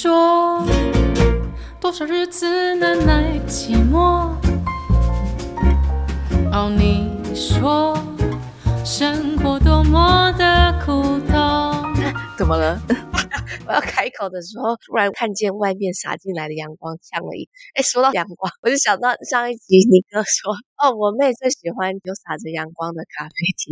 說多少日子難耐寂寞？哦，oh，你說生活多麼的苦痛？怎麼了？ 我要開口的時候，突然看見外面灑進來的陽光，嗆了一。哎，說到陽光，我就想到上一集你哥說，哦，我妹最喜歡有灑着陽光的咖啡廳，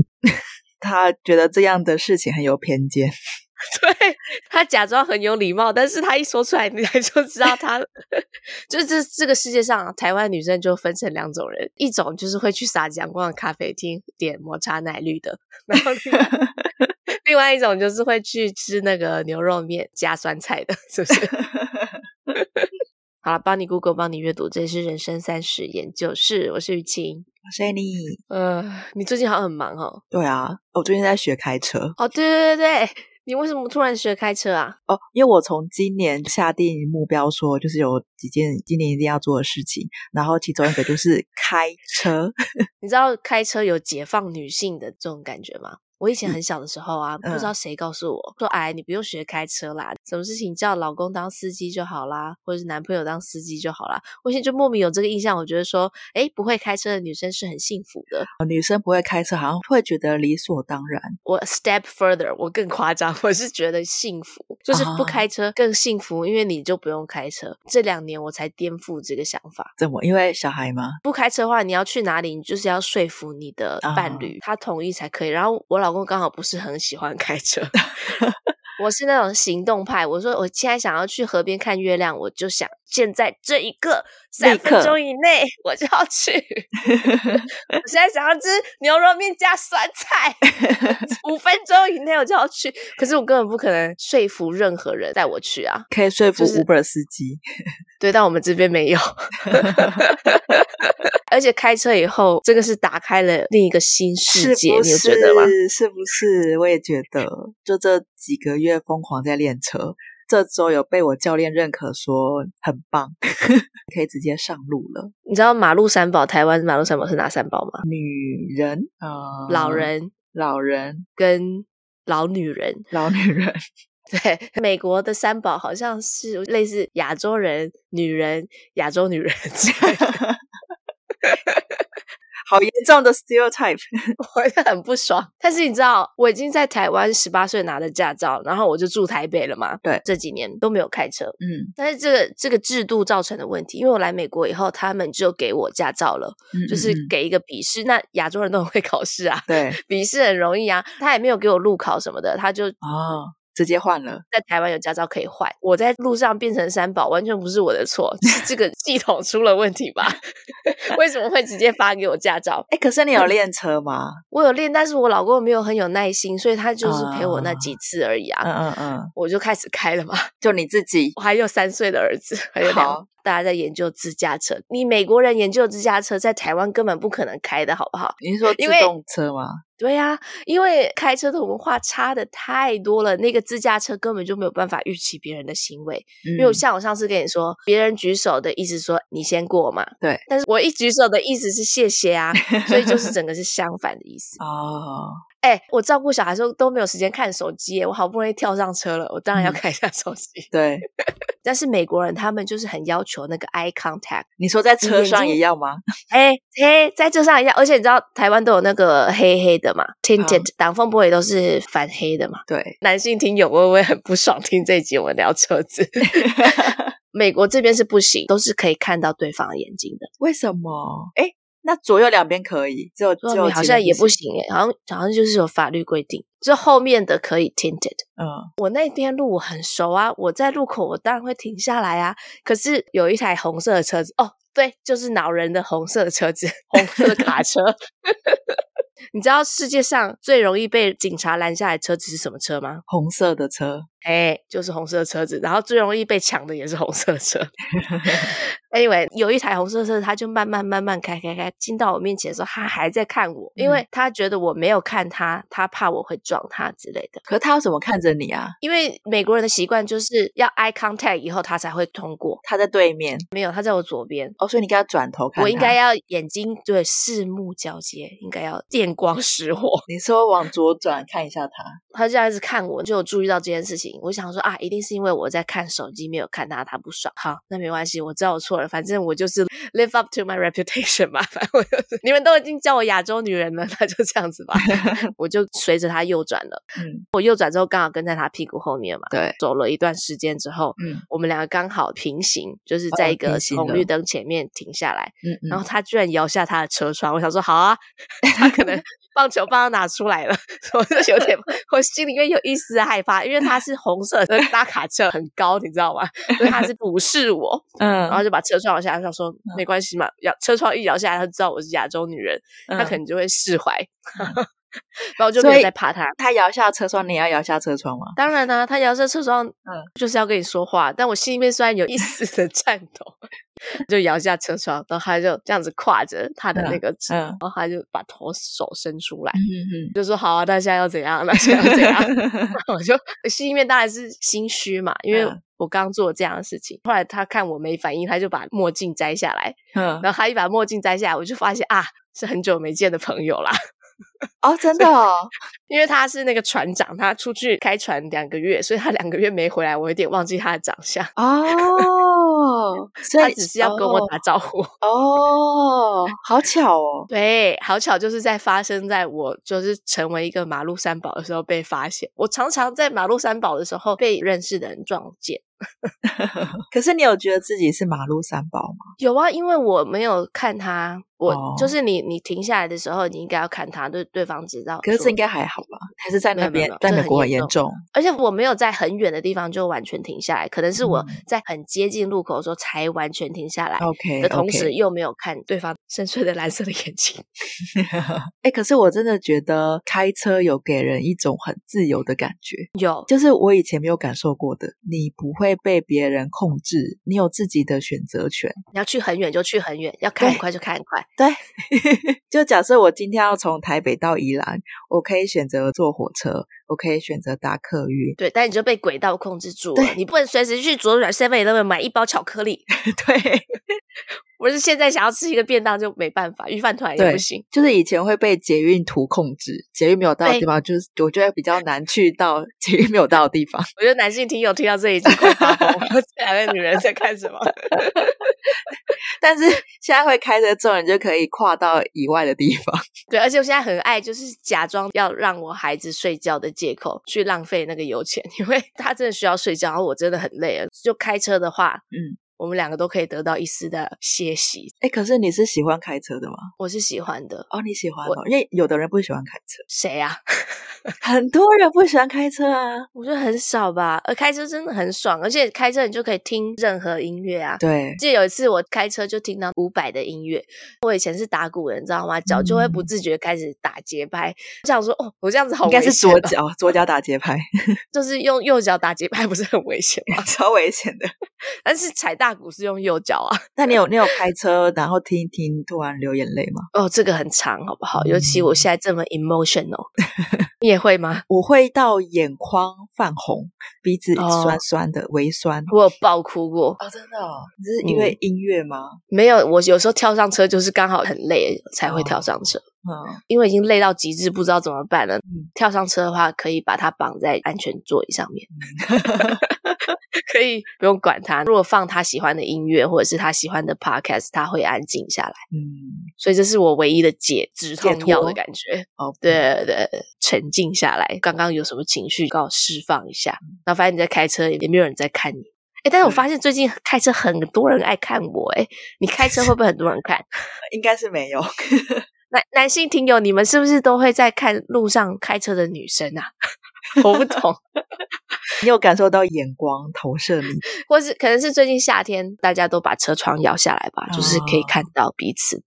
他覺得這樣的事情很有偏見。 對他假裝很有禮貌，但是他一說出來，你就知道他。 就是這這個世界上，台灣女生就分成兩種人，一種就是會去撒陽光的咖啡廳點抹茶奶綠的，然後另外， 另外一種就是會去吃那個牛肉面加酸菜的，是不是？ 好了，幫你 Google，幫你閱讀，這裡是人生三十研究室，我是雨晴，我是艾莉。呃，你最近好像很忙哦。對啊，我最近在學開車。 哦，對對對對。你為什麼突然學開車啊？哦，因為我從今年下定目標說，就是有幾件今年一定要做的事情，然後其中一個就是開車。 你知道開車有解放女性的這種感覺嗎？我以前很小的時候啊，嗯、不知道誰告訴我、嗯、說，哎，你不用學開車啦，什麼事情叫老公當司機就好啦，或者是男朋友當司機就好啦。我現在就莫名有這個印象，我覺得說，哎，不會開車的女生是很幸福的。女生不會開車，好像會覺得理所當然。我 step further，我更誇張，我是覺得幸福，就是不開車更幸福，因為你就不用開車。啊、這兩年我才顛覆這個想法，怎麼？因為小孩嗎？不開車的話，你要去哪裡，你就是要說服你的伴侶，啊、他同意才可以。然後我老。老公剛好不是很喜歡開車，我是那種行動派。我說我現在想要去河邊看月亮，我就想現在這一個三分鐘以內我就要去。我現在想要吃牛肉麵加酸菜， 五分鐘以內我就要去。可是我根本不可能說服任何人帶我去啊！可以說服 Uber 司機。就是對，但我們這邊沒有， 而且開車以後，這個是打開了另一個新世界，是不是？你覺得嗎？是不是？我也覺得，就這幾個月瘋狂在練車，這週有被我教練認可，說很棒， 可以直接上路了。你知道馬路三寶，台灣馬路三寶是哪三寶嗎？女人啊、嗯，老人，老人跟老女人，老女人。對，美國的三寶好像是類似亞洲人、女人、亞洲女人這樣， 好嚴重的 stereotype，我也很不爽。但是你知道，我已經在台灣十八歲拿了駕照，然後我就住台北了嘛。對，這幾年都沒有開車。嗯，但是這個這個制度造成的問題，因為我來美國以後，他們就給我駕照了，嗯嗯嗯，就是給一個筆試。那亞洲人都會考試啊，對，筆試很容易啊。他也沒有給我路考什麼的，他就啊。哦直接換了，在台灣有駕照可以換。我在路上變成三寶，完全不是我的錯，是這個系統出了問題吧？ 為什麼會直接發給我駕照？哎、欸，可是你有練車嗎？嗯、我有練，但是我老公沒有很有耐心，所以他就是陪我那幾次而已啊。嗯嗯嗯，嗯，我就開始開了嘛。就你自己，我還有三歲的兒子，還有兩。大家在研究自駕車，你美國人研究自駕車，在台灣根本不可能開的，好不好？你是說自動車嗎？對呀、啊，因為開車的文化差的太多了，那個自駕車根本就沒有辦法預期別人的行為，嗯。因為像我上次跟你說，別人舉手的意思說你先過嘛，對。但是我一舉手的意思是謝謝啊，所以就是整個是相反的意思。 哦，哎、欸，我照顧小孩說都沒有時間看手機，欸，我好不容易跳上車了，我當然要看一下手機。嗯、對。但是美國人他們就是很要求那個 eye contact。你說在車上也要嗎？哎、 欸、嘿，在車上也要。而且你知道台灣都有那個黑黑的嘛 ，tinted 擋、嗯、風玻璃都是反黑的嘛。對，男性聽友會不會很不爽？聽這一集我們聊車子。 美國這邊是不行，都是可以看到對方的眼睛的。為什麼？哎、欸。那左右兩邊可以，就，就，好像也不行誒、欸，好像好像就是有法律規定，就後面的可以 tinted。嗯，我那邊路我很熟啊，我在路口我當然會停下來啊。可是有一台紅色的車子，哦，對，就是惱人的紅色的車子，紅色的卡車。 你知道世界上最容易被警察攔下來的車子是什麼車嗎？紅色的車。哎，就是紅色的車子，然後最容易被搶的也是紅色的車。 anyway，有一台紅色車，它就慢慢慢慢開開開，進到我面前的時候，他還在看我，因為他覺得我沒有看他，他怕我會撞他之類的。可他要怎麼看着你啊？因為美國人的習慣就是要 eye contact，以後他才會通過。他在對面，沒有，他在我左邊。哦，所以你給他轉頭看。我應該要眼睛對，四目交接，應該要電光石火。 你說往左轉看一下他。他就這樣一直看我，就有注意到這件事情。我想說啊，一定是因為我在看手機，沒有看他，他不爽。好，那沒關係，我知道我錯了。反正我就是 live up to my reputation 嘛。反正我、就是， 你們都已經叫我亞洲女人了，那就這樣子吧。 我就隨着他右轉了、嗯。我右轉之後剛好跟在他屁股後面嘛。對。走了一段時間之後，嗯，我們兩個剛好平行，就是在一個紅綠燈前面停下來。嗯。然後他居然搖下他的車窗，我想說好啊，他可能。 棒球棒都拿出來了，我就有點，我心裡面有一絲害怕，因為它是紅色的，大 卡車很高，你知道嗎？所以它是俯視我，嗯，然後就把車窗搖下，他說沒關係嘛，搖、嗯、車窗一搖下來，他就知道我是亞洲女人，嗯，他可能就會釋懷，嗯、 然後就沒有再怕他。他搖下車窗，你也要搖下車窗嗎？當然啊，他搖下車窗，嗯，就是要跟你說話，但我心裡面雖然有一絲的顫抖。 就搖下車窗，然後他就這樣子挎着他的那個嗯，嗯，然後他就把頭手伸出來，嗯嗯，就說好啊，那現在要怎樣，那現在要怎樣？ 我就心裡面當然是心虛嘛，因為我剛做這樣的事情。後來他看我沒反應，他就把墨鏡摘下來，嗯、然後他一把墨鏡摘下來，我就發現啊，是很久沒見的朋友啦。哦，真的哦，因為他是那個船長，他出去開船兩個月，所以他兩個月沒回來，我有點忘記他的長相哦。哦，他只是要跟我打招呼哦， 哦，好巧哦，對，好巧。就是在發生在我就是成為一個馬路三寶的時候被發現。我常常在馬路三寶的時候被認識的人撞見。 可是你有覺得自己是馬路三寶嗎？有啊，因為我沒有看他，我、哦、就是你，你停下來的時候，你應該要看他，對對方知道。可是應該還好吧？還是在那邊，沒有沒有沒有在美國也很嚴重？而且我沒有在很遠的地方就完全停下來，可能是我在很接近路口的時候才完全停下來。OK，、嗯、的同時又沒有看對方深邃的藍色的眼睛。哎、okay, okay. 欸，可是我真的覺得開車有給人一種很自由的感覺，有，就是我以前沒有感受過的，你不會。被別人控制，你有自己的選擇權。你要去很遠就去很遠，要開很快就開很快。對， 就假設我今天要從台北到宜蘭，我可以選擇坐火車。可以選擇搭客運，對，但你就被軌道控制住了，你不能隨時去左轉、右轉那邊買一包巧克力。對，我是現在想要吃一個便當就沒辦法，御飯糰也不行。就是以前會被捷運圖控制，捷運沒有到的地方，就是我覺得比較難去到捷運沒有到的地方。我覺得男性聽友聽到這一集會發瘋，這兩個女人在幹什麼？ 但是現在會開車之後，你就可以跨到以外的地方。對，而且我現在很愛，就是假裝要讓我孩子睡覺的借口去浪費那個油錢，因為他真的需要睡覺，然後我真的很累啊。就開車的話，嗯。我們兩個都可以得到一絲的歇息。哎，可是你是喜歡開車的嗎？我是喜歡的。哦，你喜歡哦，因為有的人不喜歡開車。誰啊？ 很多人不喜歡開車啊。我覺得很少吧。而開車真的很爽，而且開車你就可以聽任何音樂啊。對。記得有一次我開車就聽到伍佰的音樂，我以前是打鼓人，你知道嗎？腳就會不自覺開始打節拍。嗯，我想說，哦，我這樣子好應該是左腳，左腳打節拍。 就是用右腳打節拍，不是很危險嗎？ 超危險的。但是踩到。大鼓是用右腳啊，那 你有、你有開車，然後聽一聽突然流眼淚嗎？哦，這個很長好不好？尤其我現在這麼 emotional， 你也會嗎？我會到眼眶泛紅，鼻子酸酸的，哦、微酸。我有爆哭過。哦，真的哦？是因為音樂嗎？嗯。沒有，我有時候跳上車就是剛好很累才會跳上車。哦嗯、oh.，因為已經累到極致，嗯、不知道怎麼辦了、嗯。跳上車的話，可以把它綁在安全座椅上面，嗯、 可以不用管它。如果放他喜歡的音樂或者是他喜歡的 podcast，他會安靜下來。嗯，所以這是我唯一的解止痛藥的感覺。對對，對，沉靜下來，剛剛有什麼情緒，剛好釋放一下、嗯。然後發現你在開車，也沒有人在看你。哎，但是我發現最近開車很多人愛看我誒。哎、嗯，你開車會不會很多人看？ 應該是沒有。 男男性聽友，你們是不是都會在看路上開車的女生啊？ 我不懂， 你有感受到眼光投射嗎？或是可能是最近夏天，大家都把車窗搖下來吧、哦，就是可以看到彼此。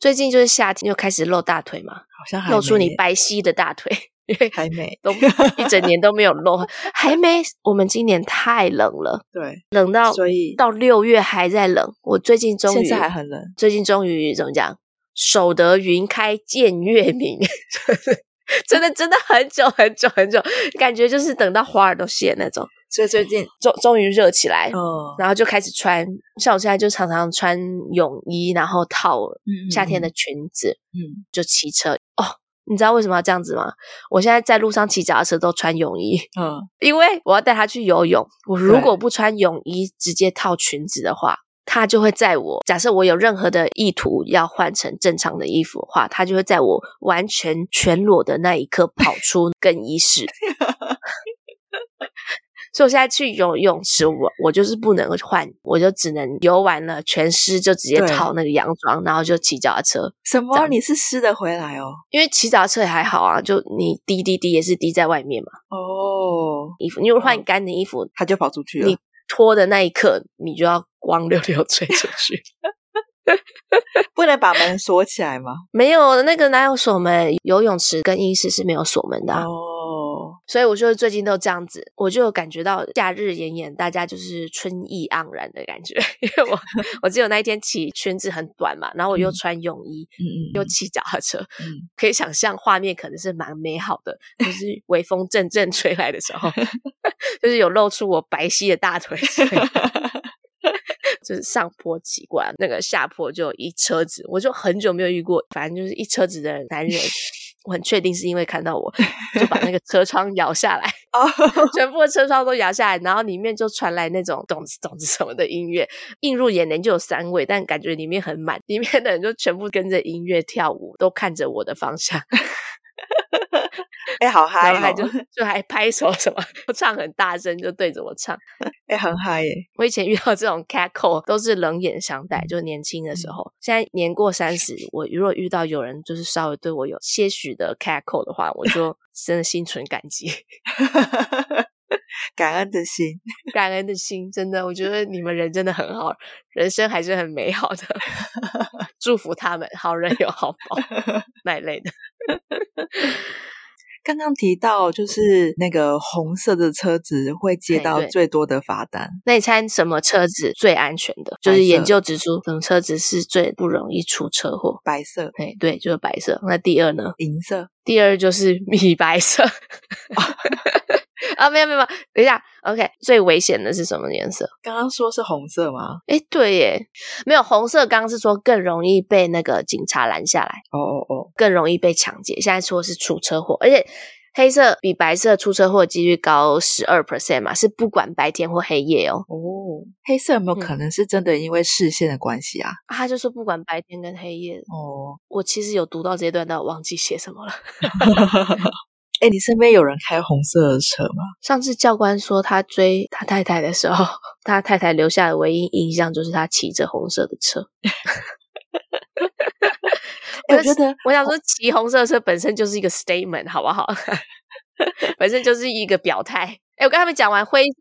最近就是夏天，又開始露大腿嘛，好像還露出你白皙的大腿，因為還沒都 一整年都沒有露，還沒。 我們今年太冷了，對，冷到所以到六月還在冷。我最近終於現在還很冷，最近終於怎麼講？守得雲開見月明，真的真的,真的很久很久很久，感覺就是等到花兒都謝那種。所以最近終，嗯，終，終於熱起來，哦，然後就開始穿，像我現在就常常穿泳衣，然後套夏天的裙子，嗯，嗯，就騎車。哦，你知道為什麼要這樣子嗎？我現在在路上騎腳踏車都穿泳衣，嗯，因為我要帶他去游泳。我如果不穿泳衣直接套裙子的話。他就會在我假設我有任何的意圖要換成正常的衣服的話，他就會在我完全全裸的那一刻跑出更衣室。 所以，我現在去游泳池，我我就是不能換，我就只能游完了全濕，就直接套那個洋裝，然後就騎腳踏車。什麼、啊？你是濕的回來哦？因為騎腳踏車也還好啊，就你滴滴滴也是滴在外面嘛。哦，衣服，你如果換乾的衣服，哦，他就跑出去了。脫的那一刻，你就要光溜溜追出去， 不能把門鎖起來嗎？ 沒有，那個哪有鎖門，游泳池跟浴室是沒有鎖門的哦、啊。Oh. 所以我就最近都這樣子，我就感覺到夏日炎炎，大家就是春意盎然的感覺。因為我我只有那一天，起，裙子很短嘛，然後我又穿泳衣，嗯、又騎腳踏車、嗯，可以想象畫面可能是蠻美好的。就是微風陣陣吹來的時候， 就是有露出我白皙的大腿，就是上坡奇怪那個下坡就一車子，我就很久沒有遇過，反正就是一車子的男人。 我很確定是因為看到我，就把那個車窗搖下來， 哦，全部的車窗都搖下來，然後裡面就傳來那種動次動次什麼的音樂，映入眼簾就有三位，但感覺裡面很滿，裡面的人就全部跟着音樂跳舞，都看着我的方向。 哎，好嗨、哦，就就還拍手什麼，唱很大聲，就對着我唱。哎，很嗨耶！我以前遇到這種 Cackle 都是冷眼相待。就年輕的時候，嗯、現在年過三十，我如果遇到有人就是稍微對我有些許的 Cackle 的話，我就真的心存感激， 感恩的心，感恩的心，真的，我覺得你們人真的很好，人生還是很美好的， 祝福他們，好人有好報，那 類的。 剛剛提到，就是那個紅色的車子會接到最多的罰單。那你猜什麼車子最安全的？就是研究指出，什麼車子是最不容易出車禍？白色。哎，對，就是白色。那第二呢？銀色。第二就是米白色。 啊啊，沒有沒有，等一下，OK。最危險的是什麼顏色？剛剛說是紅色嗎？誒對耶，沒有紅色，剛是說更容易被那個警察攔下來。哦哦哦，更容易被搶劫。現在說是出車禍，而且黑色比白色出車禍的幾率高十二 percent 嘛，是不管白天或黑夜哦。哦、oh，黑色有沒有可能是真的因為視線的關係啊？嗯、啊他就說不管白天跟黑夜。哦、oh，我其實有讀到這段，但我忘記寫什麼了。 誒你身邊有人開紅色的車嗎？上次教官說他追他太太的時候，他太太留下的唯一印象就是他騎着紅色的車。 我覺得， 我想說，騎紅色的車本身就是一個 statement，好不好？ 本身就是一個表態。誒我跟他們講完灰色。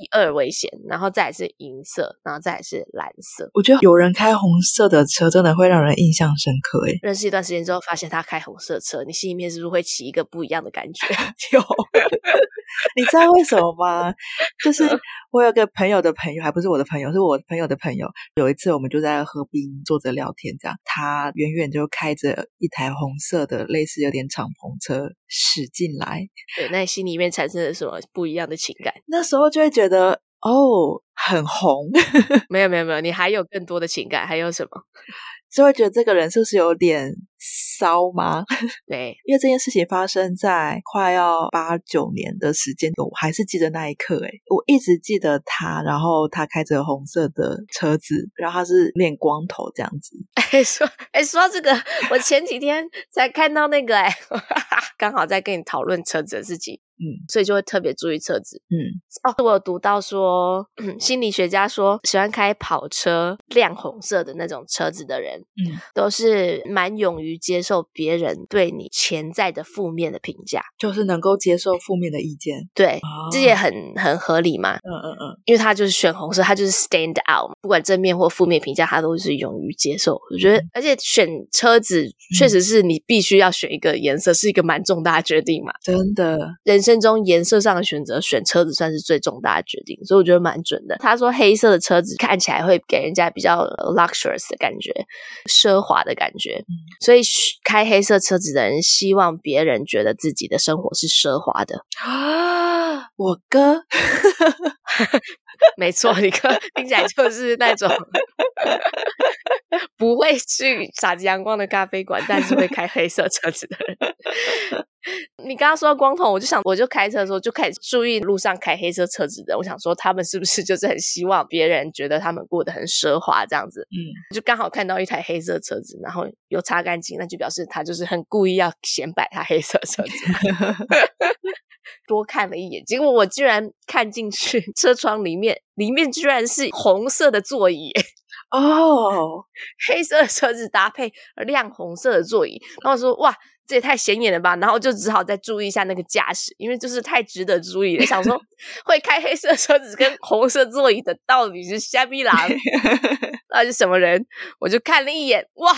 以二危險，然後再是銀色，然後再是藍色。我覺得有人開紅色的車，真的會讓人印象深刻。哎，認識一段時間之後，發現他開紅色車，你心裡面是不是會起一個不一樣的感覺？有， 你知道為什麼嗎？就是我有個朋友的朋友，還不是我的朋友，是我朋友的朋友。有一次，我們就在河邊坐着聊天，這樣他遠遠就開着一台紅色的，類似有點敞篷車駛進來。對，那你心裡面產生了什麼不一樣的情感？那時候就會覺得。的哦，很紅。 沒有沒有沒有，你還有更多的情感，還有什麼？就會覺得這個人是不是有點？騷嗎？對，因為這件事情發生在快要八九年的時間，我還是記得那一刻。哎，我一直記得他，然後他開着紅色的車子，然後他是練光頭這樣子。哎說哎說這個，我前幾天才看到那個，哎， 剛好在跟你討論車子的事情，嗯，所以就會特別注意車子，嗯，哦，我有讀到說，嗯，心理學家說，喜歡開跑車、亮紅色的那種車子的人，嗯，都是蠻勇於，接受別人對你潛在的負面的評價，就是能夠接受負面的意見，對，哦、這也很很合理嘛。嗯嗯嗯，因為他就是選紅色，他就是 stand out，不管正面或負面評價，他都是勇於接受。我覺得，嗯、而且選車子確實是你必須要選一個顏色，嗯、是一個蠻重大的決定嘛。真的，人生中顏色上的選擇，選車子算是最重大的決定，所以我覺得蠻準的。他說，黑色的車子看起來會給人家比較 luxurious 的感覺，奢華的感覺，嗯、所以。開黑色車子的人希望別人覺得自己的生活是奢華的。啊，我哥。 沒錯，你看聽起來就是那種 不會去灑着陽光的咖啡館，但是會開黑色車子的人。 你剛剛說到光頭，我就想，我就開車的時候就開始注意路上開黑色車子的，我想說，他們是不是就是很希望別人覺得他們過得很奢華這樣子？嗯，就剛好看到一台黑色車子，然後又擦乾淨，那就表示他就是很故意要顯擺他黑色車子。 多看了一眼，結果我居然看進去車窗裡面，裡面居然是紅色的座椅哦，黑色的車子搭配亮紅色的座椅，然後說：“哇，這也太顯眼了吧！”然後就只好再注意一下那個駕駛，因為就是太值得注意了。想說會開黑色車子跟紅色座椅的 到底是蝦米狼，那是什麼人？我就看了一眼，哇，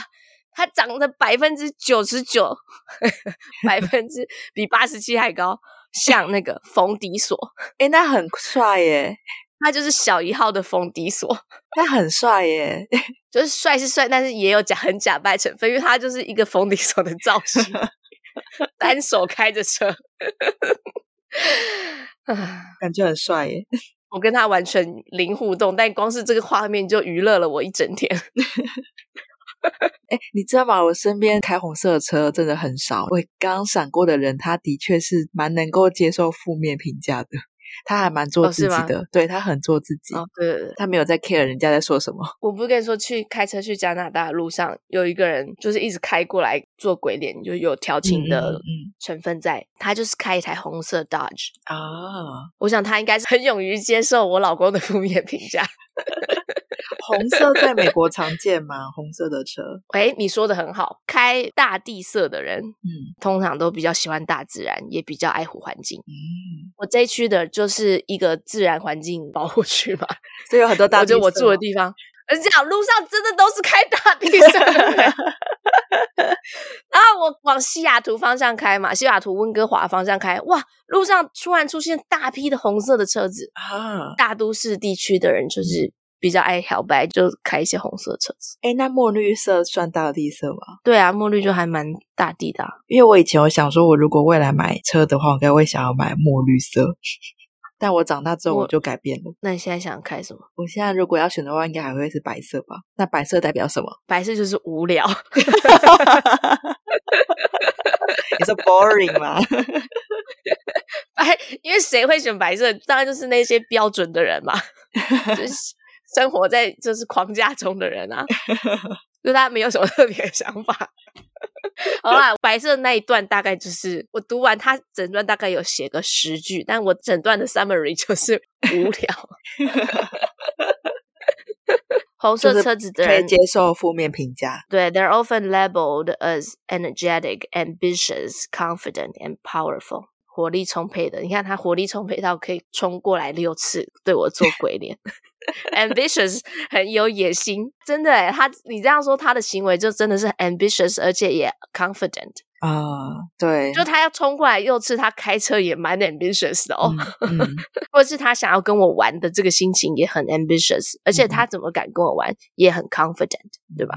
他漲了百分之九十九，百分之比八十七還高。 像那個馮迪索，誒、欸、那很帥耶！他就是小一號的馮迪索，那很帥耶，就是帥是帥，但是也有假很假掰成分，因為他就是一個馮迪索的造型， 單手開着車，啊， 感覺很帥耶！ 我跟他完全零互動，但光是這個畫面就娛樂了我一整天。 哎、 欸，你知道嗎？我身邊開紅色的車真的很少。我剛閃過的人，他的確是蠻能夠接受負面評價的。他還蠻做自己的，哦、對他很做自己、哦。對對對，他沒有在 care 人家在說什麼。我不是跟你說，去開車去加拿大的路上，有一個人就是一直開過來做鬼臉，就有調情的成分在、嗯嗯。他就是開一台紅色 Dodge 啊、哦。我想他應該是很勇於接受我老公的負面評價。 紅色在美國常見嗎？紅色的車？誒、欸、你說得很好，開大地色的人，嗯，通常都比較喜歡大自然，也比較愛護環境、嗯。我這一區的就是一個自然環境保護區嘛，所以有很多大。就我，我住的地方，而 且路上真的都是開大地色的。啊， 我往西雅圖方向開嘛，西雅圖溫哥華方向開，哇，路上突然出現大批的紅色的車子啊！大都市地區的人就是、嗯。比較愛小白，就開一些紅色的車子。哎、欸，那墨綠色算大地色嗎？對啊，墨綠就還蠻大地的、啊。因為我以前我想說，我如果未來買車的話，我應該會想要買墨綠色。 但我長大之後，我就改變了。那你現在想開什麼？我現在如果要選的話，應該還會是白色吧？那白色代表什麼？白色就是無聊。 It's boring 嘛？哎，因為誰會選白色？當然就是那些標準的人嘛。就是生活在就是框架中的人啊，就他沒有什麼特別的想法。好啦，白色的那一段大概就是我讀完他整段大概有寫個十句，但我整段的 summary 就是無聊。 紅色車子的人、就是、可以接受負面評價，對，they're often labeled as energetic, ambitious, confident and powerful. 活力充沛的，你看他活力充沛到可以衝過來六次對我做鬼臉。 ambitious 很有野心，真的耶，他你這樣說他的行為就真的是 ambitious，而且也 confident 啊，oh, 對，就他要衝過來六次，他開車也蠻 ambitious 的哦，mm, mm. 或是他想要跟我玩的這個心情也很 ambitious，而且他怎麼敢跟我玩，mm. 也很 confident，對吧？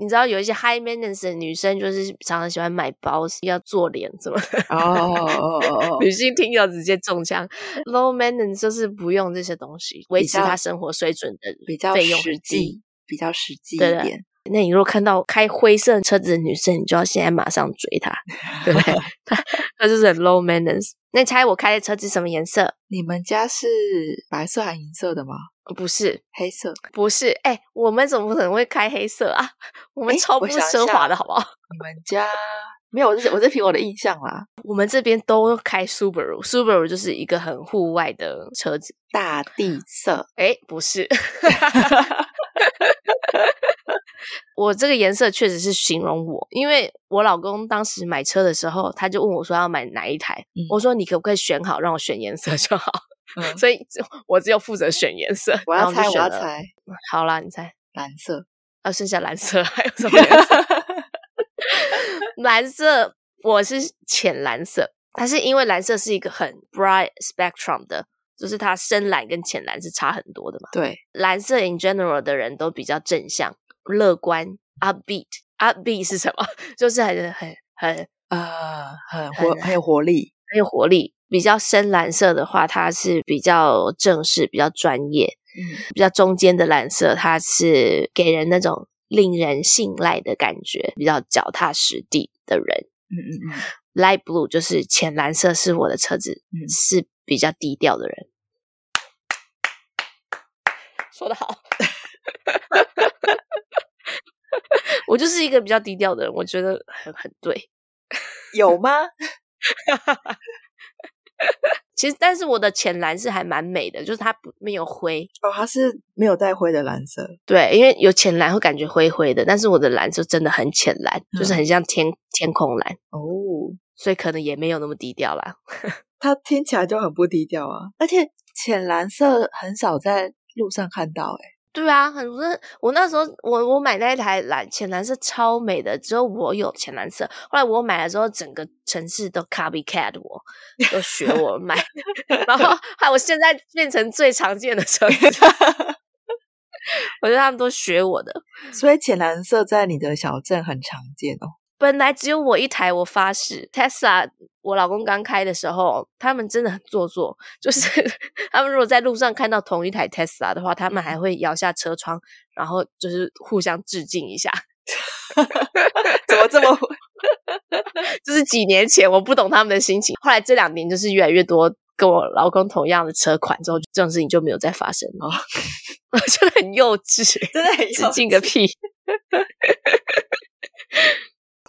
你知道有一些 high maintenance 的女生就是常常喜歡買包、要做臉，是嗎？哦哦哦哦！Oh, oh, oh, oh, oh, oh. 女性聽友直接中槍。low maintenance 就是不用這些東西，維持她生活水準的比較實際，比較實際一點。那你如果看到開灰色的車子的女生，你就要現在馬上追她，對不對？ 她，她就是很 low maintenance。那你猜我開的車子什麼顏色？你們家是白色還是銀色的嗎？不是黑色，不是哎、欸，我們怎麼可能會開黑色啊？我們超不奢華的好不好？欸、我你們家 沒有，我是我這憑我的印象啊。我們這邊都開 Subaru，Subaru Subaru 就是一個很戶外的車子，大地色。哎、欸，不是， 我這個顏色確實是形容我，因為我老公當時買車的時候，他就問我說要買哪一台，嗯、我說你可不可以選好，讓我選顏色就好。嗯、所以，我只有負責選顏色。我要猜， 我，我要猜。好啦，你猜藍色。那、哦、剩下藍色還有什麼顏色？ 藍色，我是淺藍色。它是因為藍色是一個很 bright spectrum 的，就是它深藍跟淺藍是差很多的嘛。對，藍色 in general 的人都比較正向、樂觀，upbeat。 upbeat 是什麼？就是很、很、呃、很啊，很活、很有活力。很有活力。比較深藍色的話，它是比較正式、比較專業。嗯。比較中間的藍色，它是給人那種令人信賴的感覺，比較腳踏實地的人。嗯嗯 Light blue 就是淺藍色，是我的車子、嗯、是比較低調的人。說得好。 我就是一個比較低調的人，我覺得很很對。有嗎？ 哈哈，其實，但是我的淺藍是還蠻美的，就是它不沒有灰哦，它是沒有帶灰的藍色，對，因為有淺藍會感覺灰灰的，但是我的藍就真的很淺藍，嗯、就是很像天天空藍哦，所以可能也沒有那麼低調啦 它聽起來就很不低調啊，而且淺藍色很少在路上看到，欸，誒對啊，很不是我那時候，我我買那一台藍淺藍色超美的，只有我有淺藍色，後來我買了之後，整個城市都 copycat 我，都學我買， 然後害我現在變成最常見的車， 我覺得他們都學我的，所以淺藍色在你的小鎮很常見哦？本來只有我一台，我發誓，Tesla，我老公剛開的時候，他們真的很做作，就是他們如果在路上看到同一台 Tesla 的話，他們還會搖下車窗，然後就是互相致敬一下。 怎麼這麼？ 就是幾年前我不懂他們的心情，後來這兩年就是越來越多跟我老公同樣的車款之後，這種事情就沒有再發生了。我覺 得很幼稚，真的很幼稚。致敬個屁。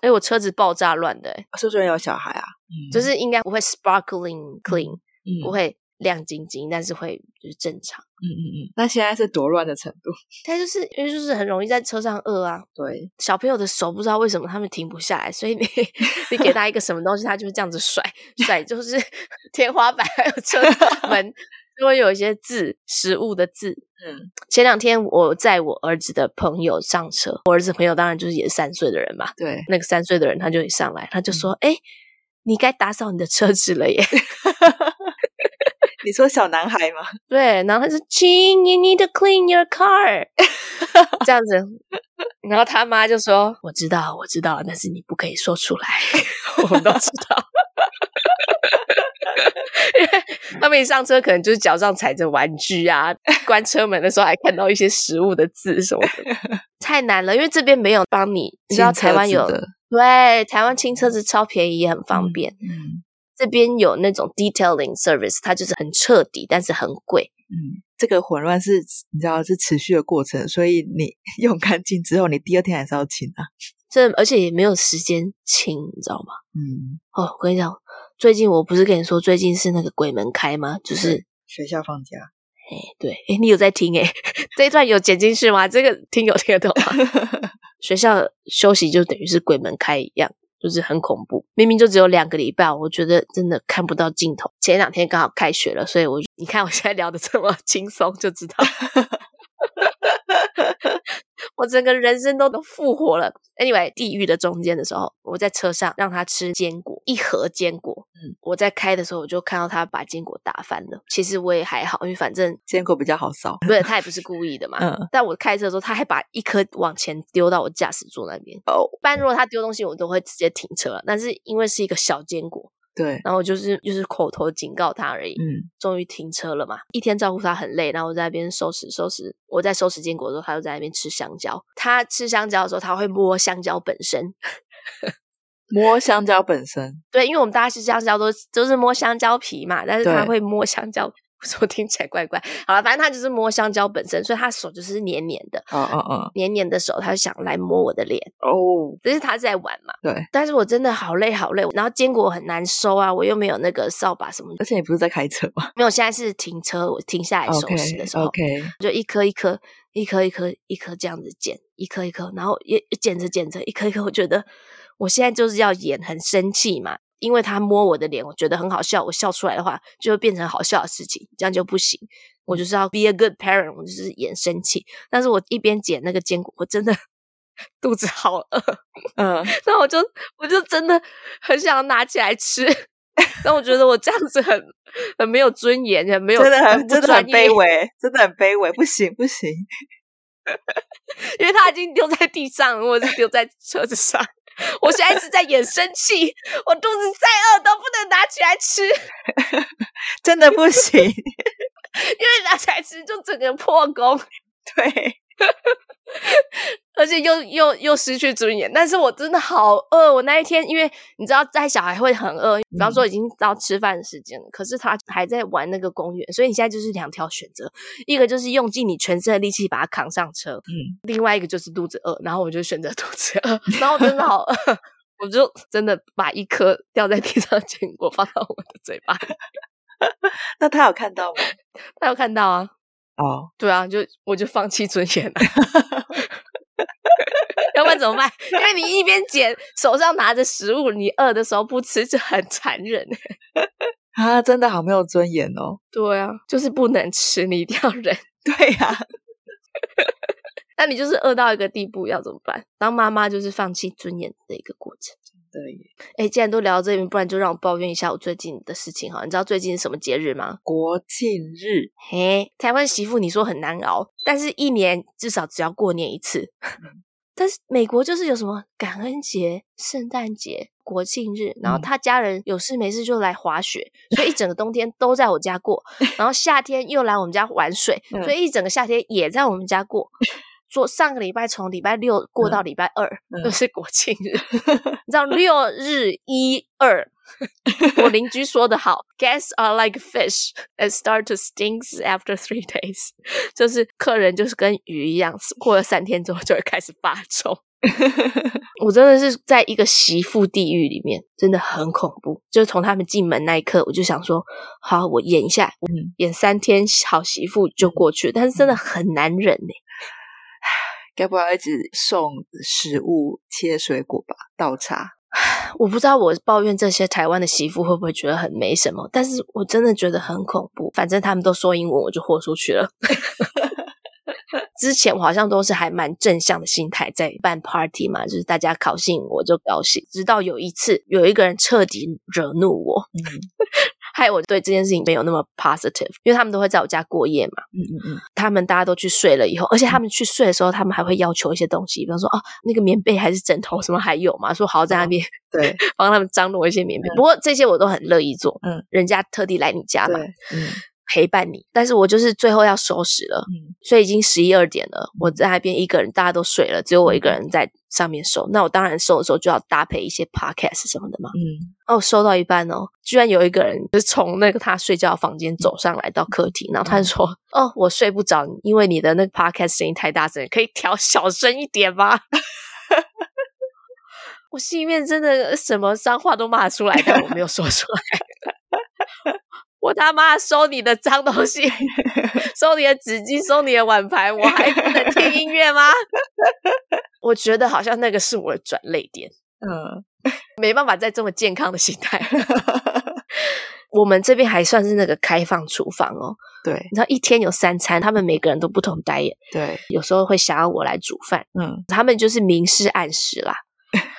哎、欸，我車子爆炸亂的，欸，車上有小孩啊，就是應該不會 sparkling clean，嗯嗯、不會亮晶晶，但是會就是正常。嗯嗯嗯，那、嗯、現在是多亂的程度？他就是因為就是很容易在車上餓啊。對，小朋友的手不知道為什麼他們停不下來，所以你你給他一個什麼東西， 他就是這樣子甩甩，就是天花板還有車門。 因為有一些字，食物的字，嗯，前兩天我載我兒子的朋友上車，我兒子朋友當然就是也是三歲的人嘛，對，那個三歲的人他就一上來，他就說：“哎、嗯欸，你該打掃你的車子了耶。 ”你說小男孩嗎？對，然後他說：“Ching，you need to clean your car。 ”這樣子， 然後他媽就說：“我知道，我知道，但是你不可以說出來，我們都知道。 ” 因為他們一上車，可能就是腳上踩着玩具啊，關車門的時候還看到一些食物的字什麼的，太難了。因為這邊沒有幫你，你知道台灣有，對，台灣清車子超便宜，也、嗯、很方便嗯。嗯，這邊有那種 detailing service，它就是很徹底，但是很貴。嗯，這個混亂是你知道是持續的過程，所以你用乾淨之後，你第二天還是要清啊。這而且也沒有時間清，你知道嗎？嗯，哦，我跟你講。最近我不是跟你說，最近是那個鬼門開嗎？就是學校放假。哎、欸，對，誒、欸、你有在聽誒、欸、 這一段有剪進去嗎？這個聽有聽得懂嗎？ 學校休息就等於是鬼門開一樣，就是很恐怖。明明就只有兩個禮拜，我覺得真的看不到盡頭。前兩天剛好開學了，所以我就你看我現在聊得這麼輕鬆，就知道。 我整個人生都都復活了。Anyway，地獄的中間的時候，我在車上讓他吃堅果，一盒堅果。嗯，我在開的時候，我就看到他把堅果打翻了。其實我也還好，因為反正堅果比較好掃。對，他也不是故意的嘛。 嗯，但我開車的時候，他還把一顆往前丟到我駕駛座那邊。哦、oh，不然如果他丟東西，我都會直接停車了。但是因為是一個小堅果。對，然後就是就是口頭警告他而已。嗯，終於停車了嘛。一天照顧他很累，然後我在那邊收拾收拾。我在收拾堅果的時候，他就在那邊吃香蕉。他吃香蕉的時候，他會摸香蕉本身。 摸香蕉本身。 對，因為我們大家吃香蕉都都是，就是摸香蕉皮嘛，但是他會摸香蕉。我說聽起來怪怪，好了，反正他就是摸香蕉本身，所以他手就是黏黏的，oh, oh, oh. 黏黏的手，他就想來摸我的臉，哦，就是他是在玩嘛，對，但是我真的好累好累，然後堅果很難收啊，我又沒有那個掃把什麼，而且你不是在開車嗎？沒有，現在是停車，我停下來收拾的時候 okay,，OK，就一顆一顆，一顆一顆一顆一顆這樣子撿，一顆一顆，然後也撿着撿着一顆一顆，我覺得我現在就是要演很生氣嘛。因為他摸我的臉，我覺得很好笑。我笑出來的話，就會變成好笑的事情，這樣就不行。我就是要 be a good parent，我就是演生氣。但是我一邊撿那個堅果，我真的肚子好餓。嗯，那 我就我就真的很想要拿起來吃。但我覺得我這樣子很很沒有尊嚴，也沒有真的很，很不專業，真的很卑微，真的很卑微，不行不行。 因為他已經丟在地上，或者丟在車子上。 我現在一直在演生氣，我肚子再餓都不能拿起來吃， 真的不行， 因為拿起來吃就整個破功，對。 而且又又又失去尊嚴，但是我真的好餓。我那一天，因為你知道帶小孩會很餓，比方說已經到吃飯時間了，可是他還在玩那個公園，所以你現在就是兩條選擇，一個就是用盡你全身的力氣把他扛上車，嗯，另外一個就是肚子餓，然後我就選擇肚子餓，然後真的好餓， 我就真的把一顆掉在地上的堅果放到我的嘴巴。 那他有看到嗎？他有看到啊。哦，oh，對啊，就我就放棄尊嚴了， 要不然怎麼辦？因為你一邊撿手上拿着食物，你餓的時候不吃就很殘忍，啊，真的好沒有尊嚴哦。對啊，就是不能吃你人，你一定要忍。對啊。那你就是餓到一個地步，要怎麼辦？當媽媽就是放棄尊嚴的一個過程。對耶。誒、欸、既然都聊到這邊，不然就讓我抱怨一下我最近的事情哈。你知道最近是什麼節日嗎？國慶日。嘿，台灣媳婦，你說很難熬，但是一年至少只要過年一次。嗯、但是美國就是有什麼感恩節、聖誕節、國慶日，然後他家人有事沒事就來滑雪，嗯、所以一整個冬天都在我家過。 然後夏天又來我們家玩水、嗯，所以一整個夏天也在我們家過。嗯做上個禮拜從禮拜六過到禮拜二、嗯、都是國慶日，嗯、 你知道六日一二。我鄰居說的好 guests are like fish and start to stings after three days，就是客人就是跟魚一樣，過了三天之後就會開始發臭。 我真的是在一個媳婦地獄裡面，真的很恐怖。就是從他們進門那一刻，我就想說，好，我演一下，演三天好媳婦就過去了，但是真的很難忍、欸要不要一直送食物切水果吧，倒茶。我不知道我抱怨這些台灣的媳婦會不會覺得很沒什麼，但是我真的覺得很恐怖。反正他們都說英文，我就豁出去了。 之前我好像都是還蠻正向的心態，在辦 party 嘛，就是大家高興我就高興。直到有一次，有一個人徹底惹怒我。 害我對這件事情沒有那麼 positive，因為他們都會在我家過夜嘛。嗯嗯嗯，他們大家都去睡了以後，而且他們去睡的時候，嗯、他們還會要求一些東西，比方說哦，那個棉被還是枕頭、嗯、什麼還有嘛，說好在那邊、哦、對，幫他們張羅一些棉被。不過這些我都很樂意做，嗯，人家特地來你家嘛。嗯。陪伴你，但是我就是最後要收拾了，嗯，所以已經十一二點了。我在那邊一個人，大家都睡了，只有我一個人在上面收。那我當然收的時候就要搭配一些 podcast 什麼的嘛。嗯，哦，收到一半哦，居然有一個人就是從那個他睡覺的房間走上來到客廳，嗯，然後他說，嗯：“哦，我睡不着，因為你的那個 podcast 聲音太大聲，可以調小聲一點嗎？” 我心裡面真的什麼髒話都罵出來，但我沒有說出來。 我他媽收你的髒東西，收你的紙巾，收你的碗盤，我還不能聽音樂嗎？ 我覺得好像那個是我的轉捩點，嗯，沒辦法再這麼健康的心態。 我們這邊還算是那個開放廚房哦，對，你知道一天有三餐，他們每個人都不同 diet，對，有時候會想要我來煮飯，嗯，他們就是明示暗示啦。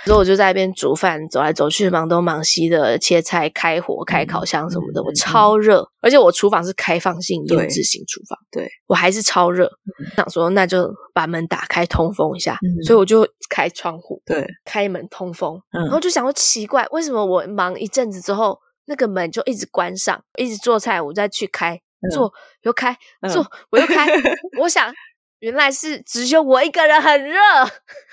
所 以我就在那邊煮飯，走來走去，忙東忙西的切菜、開火、開烤箱什麼的，我超熱，嗯嗯、而且我廚房是開放性、有置型廚房，對我還是超熱、嗯。想說那就把門打開通風一下、嗯，所以我就開窗戶，對，開門通風、嗯。然後就想說奇怪，為什麼我忙一陣子之後，那個門就一直關上？一直做菜，我再去開做、嗯，又開做、嗯，我又開。 我想。原來是只有我一個人很熱，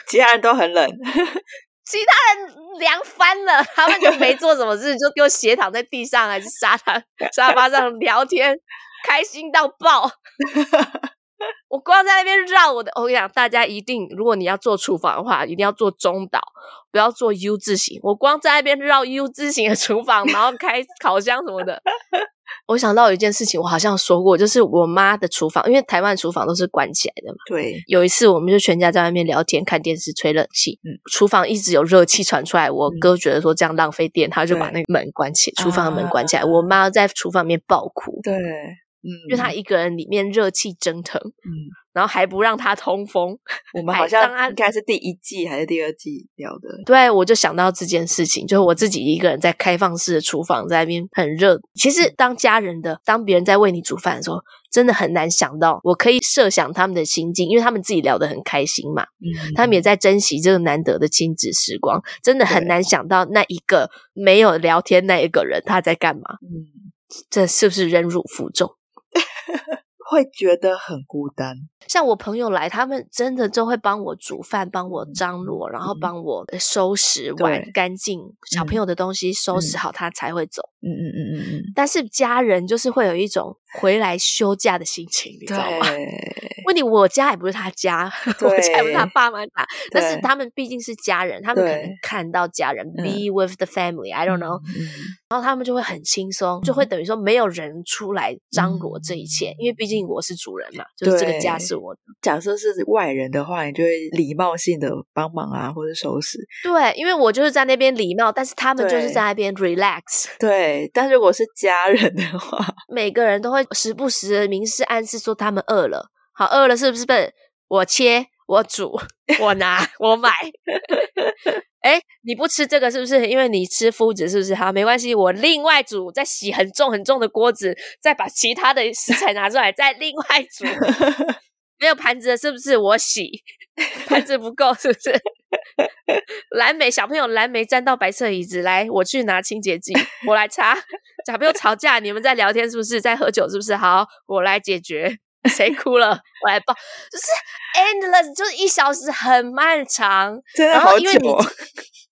其他人都很冷， 其他人涼翻了。他們就沒做什麼事， 就給我斜躺在地上還是沙灘沙發上聊天， 開心到爆。我光在那邊繞我的，我跟你講，大家一定，如果你要做廚房的話，一定要做中島，不要做 U 字形。我光在那邊繞 U 字形的廚房，然後開烤箱什麼的。 我想到有一件事情，我好像說過，就是我媽的廚房，因為台灣廚房都是關起來的嘛。對，有一次我們就全家在外面聊天、看電視、吹冷氣，嗯、廚房一直有熱氣傳出來。我哥覺得說這樣浪費電，嗯、他就把那個門關起來，廚房的門關起來。啊、我媽在廚房裡面爆哭。對。嗯，因為他一個人裡面熱氣蒸騰，嗯，然後還不讓他通風。我們好像剛剛應該是第一季還是第二季聊的？對，我就想到這件事情，就是我自己一個人在開放式的廚房在那邊很熱。其實當家人的，嗯、當別人在為你煮飯的時候，真的很難想到，我可以設想他們的心境，因為他們自己聊得很開心嘛。嗯，他們也在珍惜這個難得的親子時光，真的很難想到那一個沒有聊天那一個人他在幹嘛。嗯，這是不是忍辱負重？ 會覺得很孤單，像我朋友來，他們真的就會幫我煮飯，幫我張羅，嗯、然後幫我收拾完、嗯、乾淨小朋友的東西，收拾好、嗯、他才會走。嗯嗯嗯嗯，但是家人就是會有一種回來休假的心情，你知道嗎？對，問題我家也不是他家， 我家也不是他爸媽家，但是他們畢竟是家人，他們可能看到家人、嗯、be with the family，I don't know，、嗯、然後他們就會很輕鬆、嗯，就會等於說沒有人出來張羅這一切，嗯、因為畢竟我是主人嘛，就是這個家是我的。假設是外人的話，你就會禮貌性的幫忙啊，或者收拾。對，因為我就是在那邊禮貌，但是他們就是在那邊 relax。對，對，但如果是家人的話， 每個人都會。時不時的明示暗示說他們餓了，好餓了是不是？我切，我煮，我拿，我買。哎， 你不吃這個是不是？因為你吃夫子是不是？好，沒關係，我另外煮，再洗很重很重的鍋子，再把其他的食材拿出來， 再另外煮。沒有盤子的是不是？我洗。盤子不夠是不是？ 藍莓小朋友，藍莓沾到白色椅子，來，我去拿清潔劑，我來擦。小朋友吵架，你們在聊天是不是？在喝酒是不是？好，我來解決。誰哭了，我來抱。就是 endless，就是一小時很漫長。真的好久。然後因為你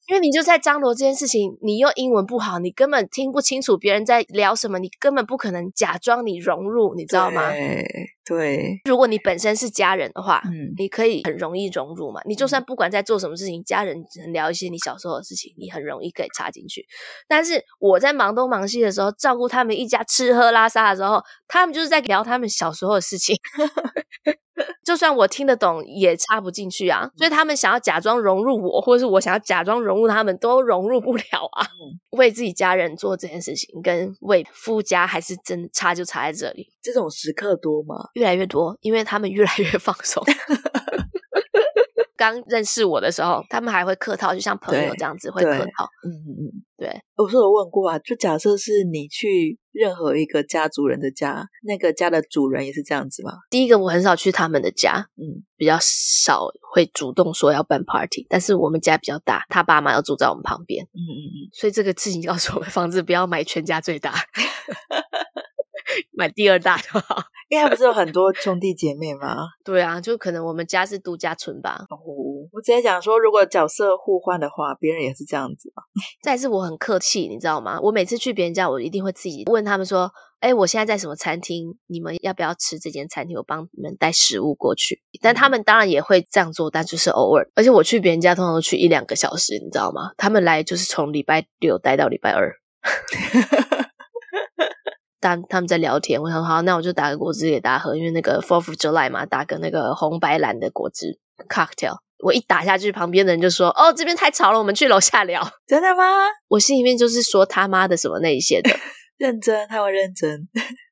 因為你就在張羅這件事情，你又英文不好，你根本聽不清楚別人在聊什麼，你根本不可能假裝你融入，你知道嗎？對，對。如果你本身是家人的話，嗯，你可以很容易融入嘛。你就算不管在做什麼事情，家人只能聊一些你小時候的事情，你很容易可以插進去。但是我在忙東忙西的時候，照顧他們一家吃喝拉撒的時候，他們就是在聊他們小時候的事情。 就算我聽得懂，也插不進去啊！所以他們想要假裝融入我，或者是我想要假裝融入他們，都融入不了啊。嗯。為自己家人做這件事情，跟為夫家還是真差，就差在這裡。這種時刻多嗎？越來越多，因為他們越來越放鬆。 剛認識我的時候，他們還會客套，就像朋友這樣子會客套。嗯嗯嗯，對。我說我問過啊，就假設是你去任何一個家族人的家，那個家的主人也是這樣子嗎？第一個我很少去他們的家，嗯，比較少會主動說要辦 party，嗯。但是我們家比較大，他爸媽要住在我們旁邊，嗯嗯嗯，所以這個事情告訴我們，房子不要買全家最大， 買第二大就好。因為他不是有很多兄弟姐妹嗎？ 對啊，就可能我們家是度假村吧。哦，我之前講說，如果角色互換的話，別人也是這樣子吧。 再次我很客氣，你知道嗎？我每次去別人家，我一定會自己問他們說：“哎，我現在在什麼餐廳？你們要不要吃這間餐廳？我幫你們帶食物過去。”但他們當然也會這樣做，但就是偶爾。而且我去別人家，通常都去一兩個小時，你知道嗎？他們來就是從禮拜六待到禮拜二。 他們在聊天，我很好，那我就打個果汁給大家喝，因為那個 Fourth of July 嘛，打個那個紅白藍的果汁 cocktail。我一打下去，旁邊的人就說：“哦，這邊太吵了，我們去樓下聊。”真的嗎？我心裡面就是說他媽的什麼那一些的， 認真，太認真。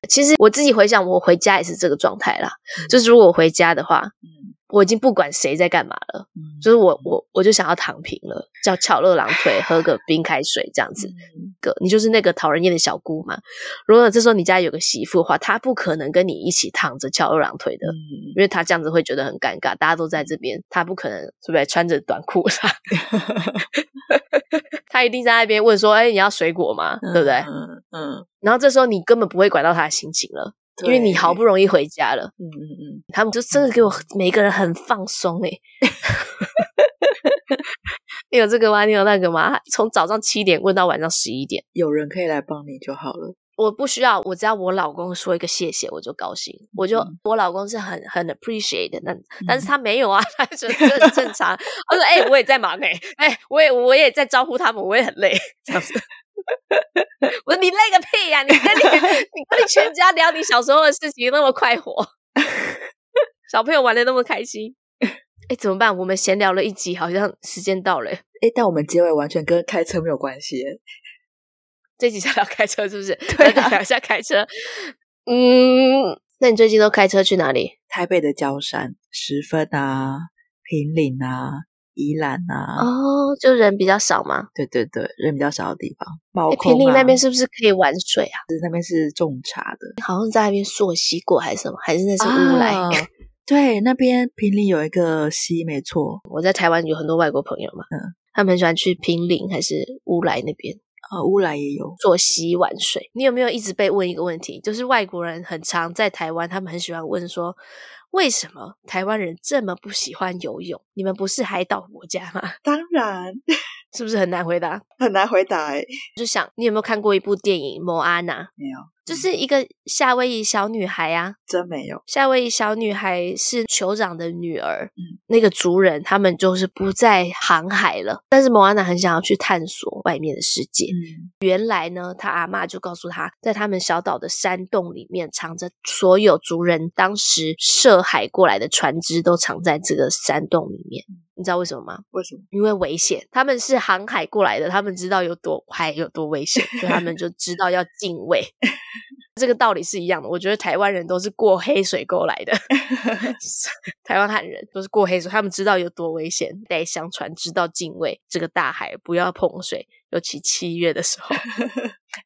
其實我自己回想，我回家也是這個狀態啦。嗯、就是如果我回家的話。嗯我已經不管誰在幹嘛了，嗯、就是我我我就想要躺平了，叫翹二郎腿 喝個冰開水這樣子、嗯。哥，你就是那個討人厭的小姑嘛？如果這時候你家有個媳婦的話，她不可能跟你一起躺着翹二郎腿的、嗯，因為她這樣子會覺得很尷尬。大家都在這邊，她不可能是不是還穿着短褲？ 她一定在那邊問說：“哎、欸，你要水果嗎？嗯、對不對嗯？”嗯，然後這時候你根本不會管到她的心情了。因為你好不容易回家了，嗯嗯嗯，他們就真的給我每個人很放鬆哎、欸， 你有這個嗎？你有那個嗎？從早上七點問到晚上十一點，有人可以來幫你就好了。我不需要，我只要我老公說一個謝謝我就高興，嗯、我就我老公是很很 appreciate 的但，嗯，但是他沒有啊，他覺得這很正常， 他說哎、欸、我也在忙哎、欸欸，我也我也在招呼他們，我也很累，這樣子。 我說你累個屁呀，啊！你跟你，你跟你全家聊你小時候的事情，那麼快活，小朋友玩得那麼開心，哎， 怎麼辦？我們閒聊了一集，好像時間到了。哎，但我們結尾完全跟開車沒有關係。這集是要聊開車是不是？對，啊，聊一下開車。 嗯，那你最近都開車去哪裡？台北的礁山，十分啊，平嶺啊。宜蘭啊，哦，就人比較少嗎？對對對，人比較少的地方。包啊、坪林那邊是不是可以玩水啊？那邊是種茶的，好像在那邊溯溪過還是什麼，還是那是烏來。啊、 對，那邊坪林有一個溪，沒錯。我在台灣有很多外國朋友嘛，嗯、他們很喜歡去坪林還是烏來那邊啊、哦？烏來也有溯溪玩水。你有沒有一直被問一個問題？就是外國人很常在台灣，他們很喜歡問說。為什麼台灣人這麼不喜歡游泳？你們不是海島國家嗎？當然。是不是很難回答？很難回答哎、欸！就想，你有沒有看過一部電影《摩阿娜》？沒有，就是一個夏威夷小女孩啊，真沒有。夏威夷小女孩是酋長的女兒，嗯、那個族人他們就是不再航海了，但是摩阿娜很想要去探索外面的世界。嗯、原來呢，她阿嬤就告訴她，在他們小島的山洞裡面藏着所有族人當時涉海過來的船隻，都藏在這個山洞裡面。你知道為什麼嗎？為什麼？因為危險。他們是航海過來的，他們知道有多海有多危險，所以他們就知道要敬畏。 這個道理是一樣的。我覺得台灣人都是過黑水溝來的， 台灣漢人都是過黑水，他們知道有多危險，代相傳知道敬畏這個大海，不要碰水，尤其七月的時候。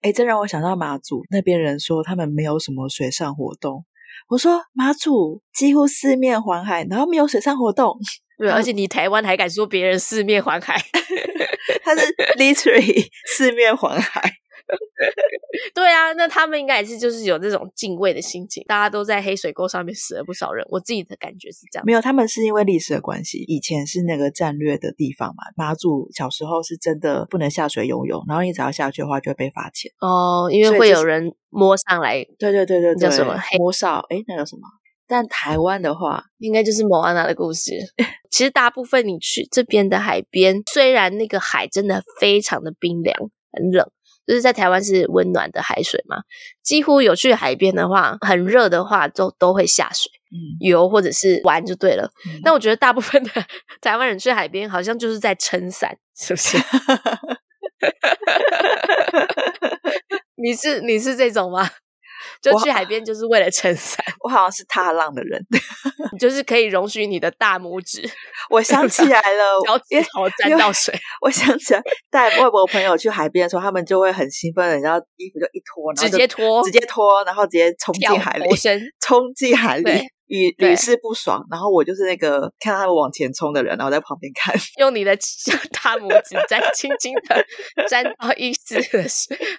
哎 欸，這讓我想到馬祖那邊人說他們沒有什麼水上活動。我說馬祖幾乎四面環海，然後沒有水上活動。對，而且你台灣還敢說別人四面環海， 他是 literally 四面環海。 對啊，那他們應該也是就是有這種敬畏的心情。大家都在黑水溝上面死了不少人，我自己的感覺是這樣。沒有，他們是因為歷史的關係，以前是那個戰略的地方嘛。媽祖小時候是真的不能下水游泳，然後你只要下去的話就會被罰錢。哦，因為會有人摸上來。對對對對對，叫什麼摸上。誒那個什麼？但台灣的話，應該就是摩安娜的故事。 其實大部分你去這邊的海邊，雖然那個海真的非常的冰涼、很冷，就是在台灣是溫暖的海水嘛。幾乎有去海邊的話，嗯、很熱的話都都會下水游、嗯、或者是玩就對了。但、嗯、我覺得大部分的台灣人去海邊，好像就是在撐傘，是不是？ 你是你是這種嗎？就去海邊就是為了撐傘，我好像是踏浪的人，對。就是可以容許你的大拇指。我想起來了，腳趾頭沾到水。我想起來帶外國朋友去海邊的時候， 他們就會很興奮，然後衣服就一脫，然後直接脫，直接脫，然後直接衝進海裡，衝進海裡。對屢屢試不爽，然後我就是那個看到他們往前衝的人，然後在旁邊看。用你的大拇指沾，輕輕的沾到一絲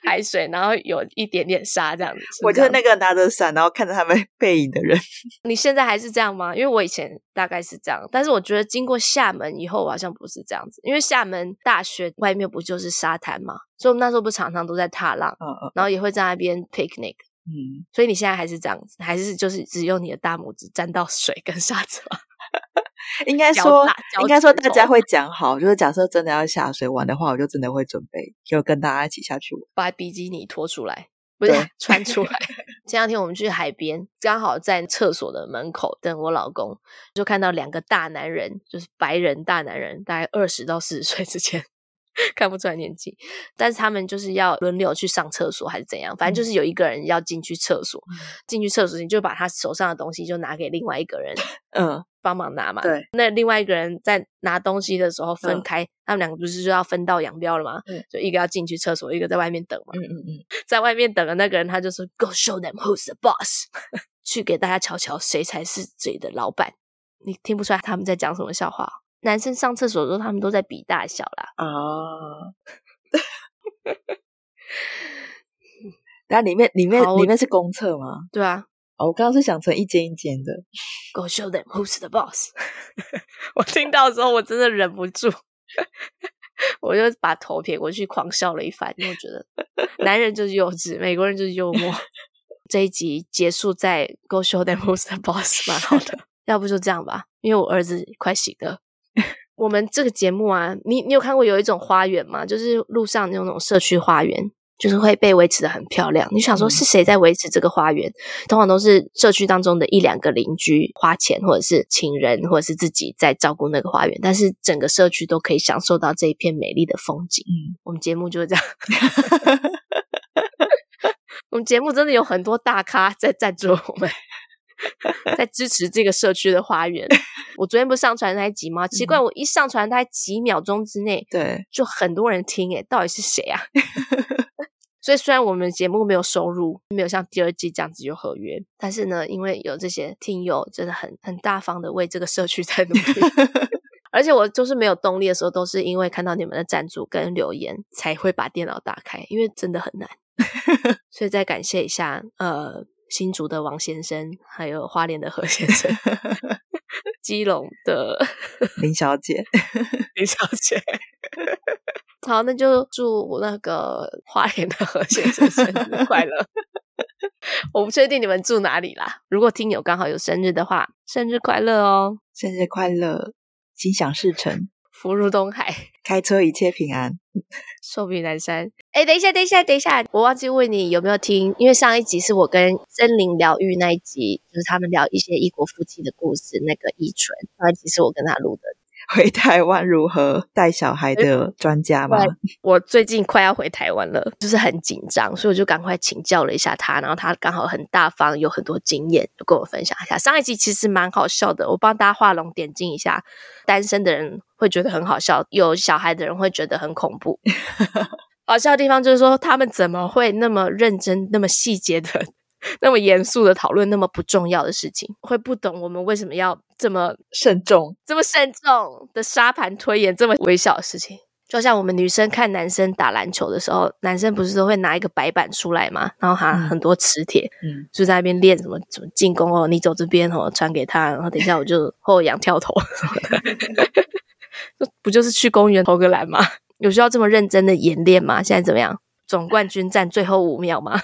海水， 然後有一點點沙這樣子。是是，我就是那個拿着傘，然後看着他們背影的人。你現在還是這樣嗎？因為我以前大概是這樣，但是我覺得經過廈門以後，我好像不是這樣子。因為廈門大學外面不就是沙灘嗎？所以我們那時候不常常都在踏浪，嗯嗯，然後也會在那邊 picnic。嗯， 所以你現在還是這樣子，還是就是只用你的大拇指沾到水跟沙子？ 應該說，應該說，大家會講好。 就是假設真的要下水玩的話，我就真的會準備，就跟大家一起下去玩。把比基尼脫出來，不是穿出來。前 兩天我們去海邊，剛好在廁所的門口等我老公，就看到兩個大男人，就是白人大男人，大概二十到四十歲之間。 看不出來年紀，但是他們就是要輪流去上廁所還是怎樣？反正就是有一個人要進去廁所，進、嗯、去廁所你就把他手上的東西就拿給另外一個人，嗯，幫忙拿嘛。對、嗯，那另外一個人在拿東西的時候分開，嗯、他們兩個不是就要分道揚鑣了嗎、嗯？就一個要進去廁所，一個在外面等嘛。嗯嗯嗯， 在外面等的那個人，他就說 Go show them who's the boss， 去給大家瞧瞧誰才是真的老板。你聽不出來他們在講什麼笑話？男生上廁所的時候，他們都在比大小啦。啊、哦！那、嗯、裡面裡面裡面是公廁嗎？對啊。哦，我剛剛是想成一間一間的。Go show them who's the boss。 我聽到的時候，我真的忍不住， 我就把頭撇過去，狂笑了一番。因為我覺得男人就是幼稚，美國人就是幽默。 這一集結束在 Go show them who's the boss，蠻好的。 要不就這樣吧，因為我兒子快醒了。我們這個節目啊，你你有看過有一種花園嗎？就是路上那種社區花園，就是會被維持的很漂亮、嗯。你想說是誰在維持這個花園？通常都是社區當中的一兩個鄰居花錢，或者是請人，或者是自己在照顧那個花園。但是整個社區都可以享受到這一片美麗的風景。嗯、我們節目就是這樣。 我們節目真的有很多大咖在贊助我們在支持這個社區的花園。我昨天不是上傳那一集嗎？奇怪，我一上傳，才幾秒鐘之內，對，就很多人聽哎，到底是誰啊？ 所以雖然我們節目沒有收入，沒有像第二季這樣子有合約，但是呢，因為有這些聽友，真的很很大方的為這個社區在努力。 而且我就是沒有動力的時候，都是因為看到你們的贊助跟留言，才會把電腦打開，因為真的很難。 所以再感謝一下，呃。新竹的王先生，還有花蓮的何先生， 基隆的林小姐， 林小姐， 好，那就祝我那個花蓮的何先生生日快樂。 我不確定你們住哪裡啦。如果聽友剛好有生日的話，生日快樂哦！生日快樂，心想事成。 福如東海，開車一切平安， 壽比南山。哎，等一下，等一下，等一下，我忘記問你有沒有聽，因為上一集是我跟森林療癒那一集，就是他們聊一些異國夫妻的故事，那個伊純，上一集是我跟他錄的。回台灣如何帶小孩的專家嗎？欸，我最近快要回台灣了，就是很緊張，所以我就趕快請教了一下他。然後他剛好很大方，有很多經驗，就跟我分享一下。上一集其實蠻好笑的，我幫大家畫龍點睛一下。單身的人會覺得很好笑，有小孩的人會覺得很恐怖。 好笑的地方就是說，他們怎麼會那麼認真、那麼細節的。那麼嚴肅的討論，那麼不重要的事情，會不懂我們為什麼要這麼慎重、這麼慎重的沙盤推演這麼微小的事情。就像我們女生看男生打籃球的時候，男生不是都會拿一個白板出來嘛，然後哈很多磁鐵，嗯，就在那邊練什麼什麼進攻哦，你走這邊哦，傳給他，然後等一下我就 後仰跳投。 不就是去公園投個籃嗎？有需要這麼認真的演練嗎？現在怎麼樣？總冠軍戰最後五秒嗎？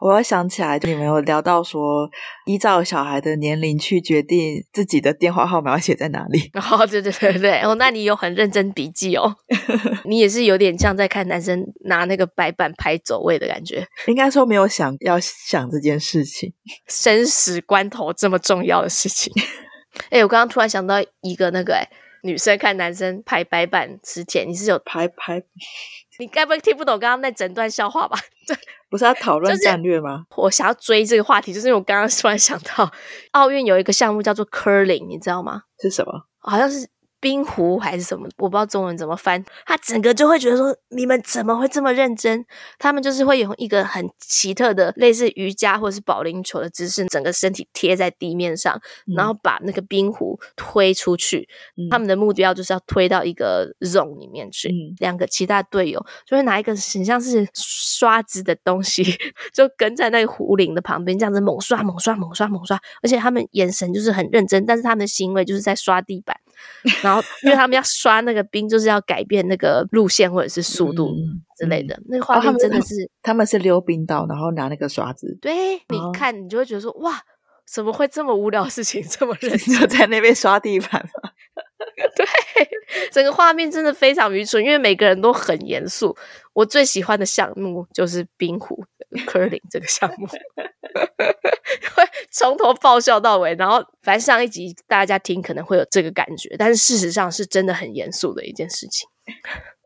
我要想起來，你們有聊到說依照小孩的年齡去決定自己的電話號碼要寫在哪裡。哦，對對對對哦，那你有很認真筆記哦。 你也是有點像在看男生拿那個白板排走位的感覺。應該說沒有想要想這件事情，生死關頭這麼重要的事情。哎、 欸，我剛剛突然想到一個那個誒，女生看男生排白板之前，你是有排排。你該不會聽不懂剛剛那整段笑話吧？對， 不是要討論戰略嗎？就是、我想要追這個話題，就是因為我剛剛突然想到，奧運有一個項目叫做 curling，你知道嗎？是什麼？好像是。冰壺還是什麼，我不知道中文怎麼翻。他整個就會覺得說，你們怎麼會這麼認真？他們就是會用一個很奇特的，類似瑜伽或者是保齡球的姿勢，整個身體貼在地面上，嗯、然後把那個冰壺推出去。嗯、他們的目標就是要推到一個肉裡面去、嗯。兩個其他隊友就會拿一個很像是刷子的東西，就跟在那個壺鈴的旁邊，這樣子猛刷、猛刷、猛刷、猛刷。而且他們眼神就是很認真，但是他們的行為就是在刷地板，然後。 因為他們要刷那個冰，就是要改變那個路線或者是速度之類的。嗯嗯、那個畫面真的是，哦、他，們他，他們是溜冰道，然後拿那個刷子。對、哦、你看，你就會覺得說，哇，怎麼會這麼無聊的事情，哦、這麼認真 在那邊刷地板 對，整個畫面真的非常愚蠢，因為每個人都很嚴肅。我最喜歡的項目就是冰壺 Curling 這個項目， 會從頭爆笑到尾。然後，反正上一集大家聽可能會有這個感覺，但是事實上是真的很嚴肅的一件事情。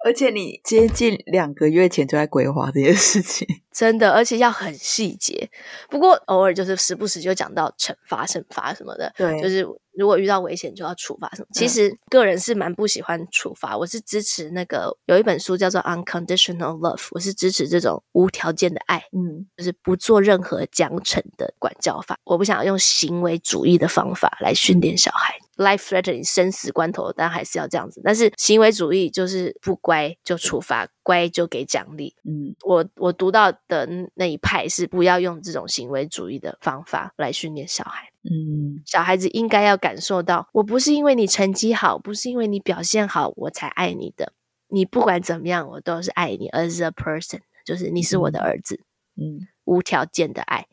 而且你接近兩個月前就在規劃這件事情， 真的，而且要很細節。不過偶爾就是時不時就講到懲罰、懲罰什麼的，對，就是。如果遇到危險就要處罰什麼？嗯。其實個人是蠻不喜歡處罰，我是支持那個有一本書叫做《Unconditional Love》，我是支持這種無條件的愛，嗯，就是不做任何獎懲的管教法。我不想要用行為主義的方法來訓練小孩。Life threatening 生死關頭，但還是要這樣子。但是行為主義就是不乖就處罰。嗯乖就給獎勵。嗯，我我讀到的那一派是不要用這種行為主義的方法來訓練小孩。嗯，小孩子應該要感受到，我不是因為你成績好，不是因為你表現好，我才愛你的。你不管怎麼樣，我都是愛你，而是 a person，就是你是我的兒子。嗯，無條件的愛，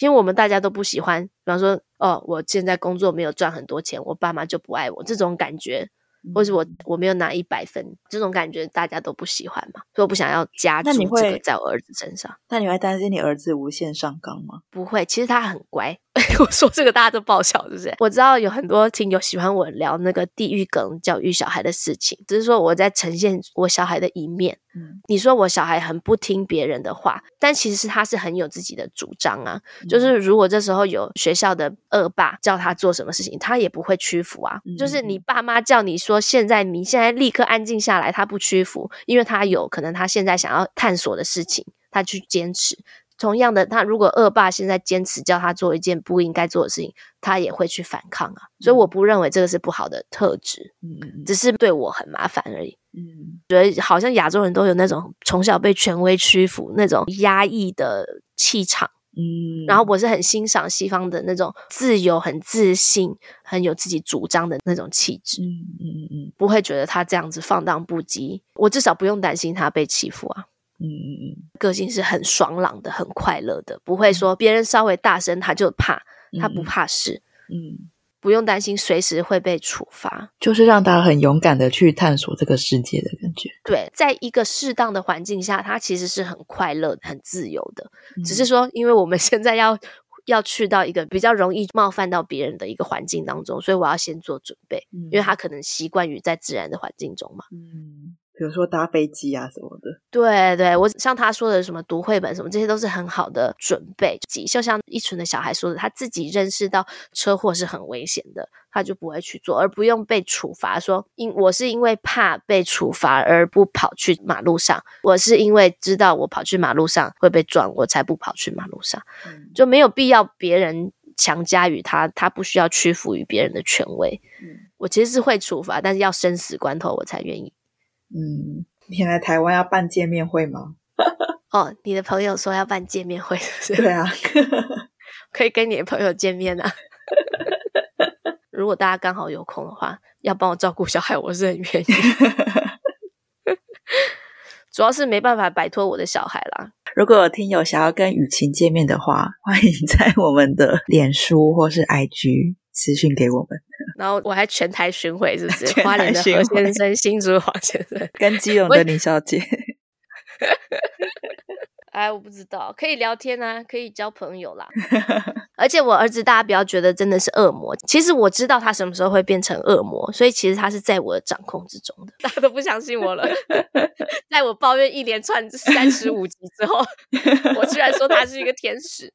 因為我們大家都不喜歡。比方說，哦，我現在工作沒有賺很多錢，我爸媽就不愛我。這種感覺。或是我我沒有拿一百分，這種感覺大家都不喜歡嘛，所以我不想要加注這個在我兒子身上。那你會擔心你兒子無限上綱嗎？不會，其實他很乖。 我說這個，大家都爆笑，是不是？我知道有很多聽友喜歡我聊那個地獄梗，教育小孩的事情。只是說我在呈現我小孩的一面，嗯。你說我小孩很不聽別人的話，但其實他是很有自己的主張啊。就是如果這時候有學校的惡霸叫他做什麼事情，他也不會屈服啊。就是你爸媽叫你說現在你現在立刻安靜下來，他不屈服，因為他有可能他現在想要探索的事情，他去堅持。同樣的，他如果惡霸現在堅持叫他做一件不應該做的事情，他也會去反抗啊。所以我不認為這個是不好的特質，嗯，只是對我很麻煩而已。嗯，覺得好像亞洲人都有那種從小被權威屈服，那種壓抑的氣場。嗯，然後我是很欣賞西方的那種自由、很自信、很有自己主張的那種氣質。嗯嗯嗯，不會覺得他這樣子放蕩不羈，我至少不用擔心他被欺負啊。嗯嗯嗯，個性是很爽朗的，很快樂的，不會說別人稍微大聲他就怕，他不怕事，嗯，嗯，不用擔心隨時會被處罰，就是讓他很勇敢的去探索這個世界的感覺。對，在一個適當的環境下，他其實是很快樂、很自由的。嗯，只是說因為我們現在要要去到一個比較容易冒犯到別人的一個環境當中，所以我要先做準備，嗯，因為他可能習慣於在自然的環境中嘛，嗯。比如說搭飛機啊什麼的，對對，我像他說的什麼讀繪本什麼，這些都是很好的準備。就像依純的小孩說的，他自己認識到車禍是很危險的，他就不會去做，而不用被處罰。說因我是因為怕被處罰而不跑去馬路上，我是因為知道我跑去馬路上會被撞，我才不跑去馬路上。嗯、就沒有必要別人強加於他，他不需要屈服於別人的權威。嗯、我其實是會處罰，但是要生死關頭我才願意。嗯，你來台灣要辦見面會嗎？哦，你的朋友說要辦見面會，是不是？對啊， 可以跟你的朋友見面啊。 如果大家剛好有空的話，要幫我照顧小孩，我是很願意。 主要是沒辦法擺脫我的小孩啦。如果有聽友想要跟雨晴見面的話，歡迎在我們的臉書或是 IG 私訊給我們。然後我還全台巡迴，是不是？花蓮的何先生、新竹黃先生，跟基隆的林小姐。 哎，我不知道，可以聊天啊，可以交朋友啦。 而且我兒子，大家不要覺得真的是惡魔。其實我知道他什麼時候會變成惡魔，所以其實他是在我的掌控之中的。大家都不相信我了， 在我抱怨一連串三十五集之後， 我居然說他是一個天使。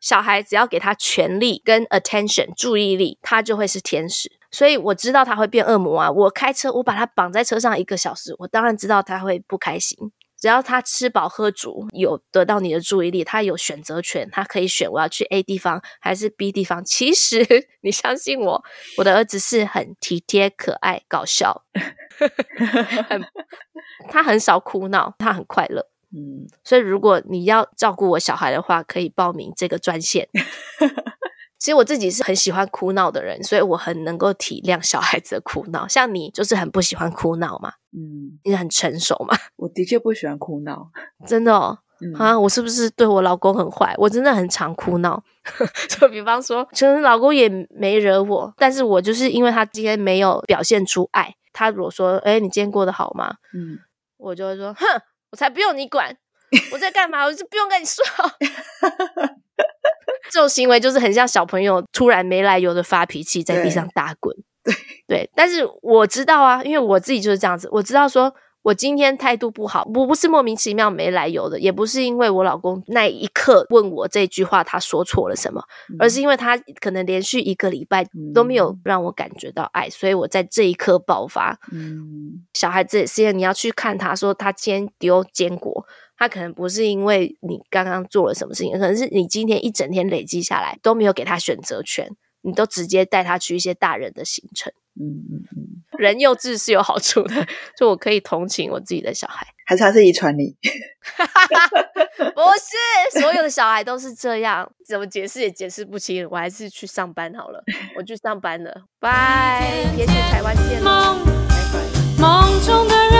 小孩只要給他權力跟 attention 注意力，他就會是天使。所以我知道他會變惡魔啊！我開車，我把他綁在車上一個小時，我當然知道他會不開心。只要他吃飽喝足，有得到你的注意力，他有選擇權，他可以選我要去 A 地方還是 B 地方。其實你相信我，我的兒子是很體貼、可愛、搞笑， 很他很少哭鬧，他很快樂。嗯，所以如果你要照顧我小孩的話，可以報名這個專線。 其實我自己是很喜歡哭鬧的人，所以我很能夠體諒小孩子的哭鬧。像你就是很不喜歡哭鬧嘛，嗯，你很成熟嘛。我的確不喜歡哭鬧，真的哦。哦、嗯。啊，我是不是對我老公很壞？我真的很常哭鬧。就 比方說，其實老公也沒惹我，但是我就是因為他今天沒有表現出愛。他如果說：“哎，你今天過得好嗎？”嗯，我就會說：“哼。”我才不用你管，我在幹嘛？我就不用跟你說。 這種行為就是很像小朋友突然沒來由的發脾氣，在地上打滾。對，對，但是我知道啊，因為我自己就是這樣子，我知道說。我今天態度不好，我不是莫名其妙沒來由的，也不是因為我老公那一刻問我這句話，他說錯了什麼，嗯，而是因為他可能連續一個禮拜都沒有讓我感覺到愛，嗯，所以我在這一刻爆發。嗯，小孩子，現在你要去看他說他今天丟堅果，他可能不是因為你剛剛做了什麼事情，可能是你今天一整天累積下來都沒有給他選擇權，你都直接帶他去一些大人的行程。嗯嗯，人幼稚是有好處的，就我可以同情我自己的小孩，還是他是遺傳你？ 不是，所有的小孩都是這樣，怎麼解釋也解釋不清，我還是去上班好了，我去上班了，拜。也許台灣見了，拜拜。夢中的人。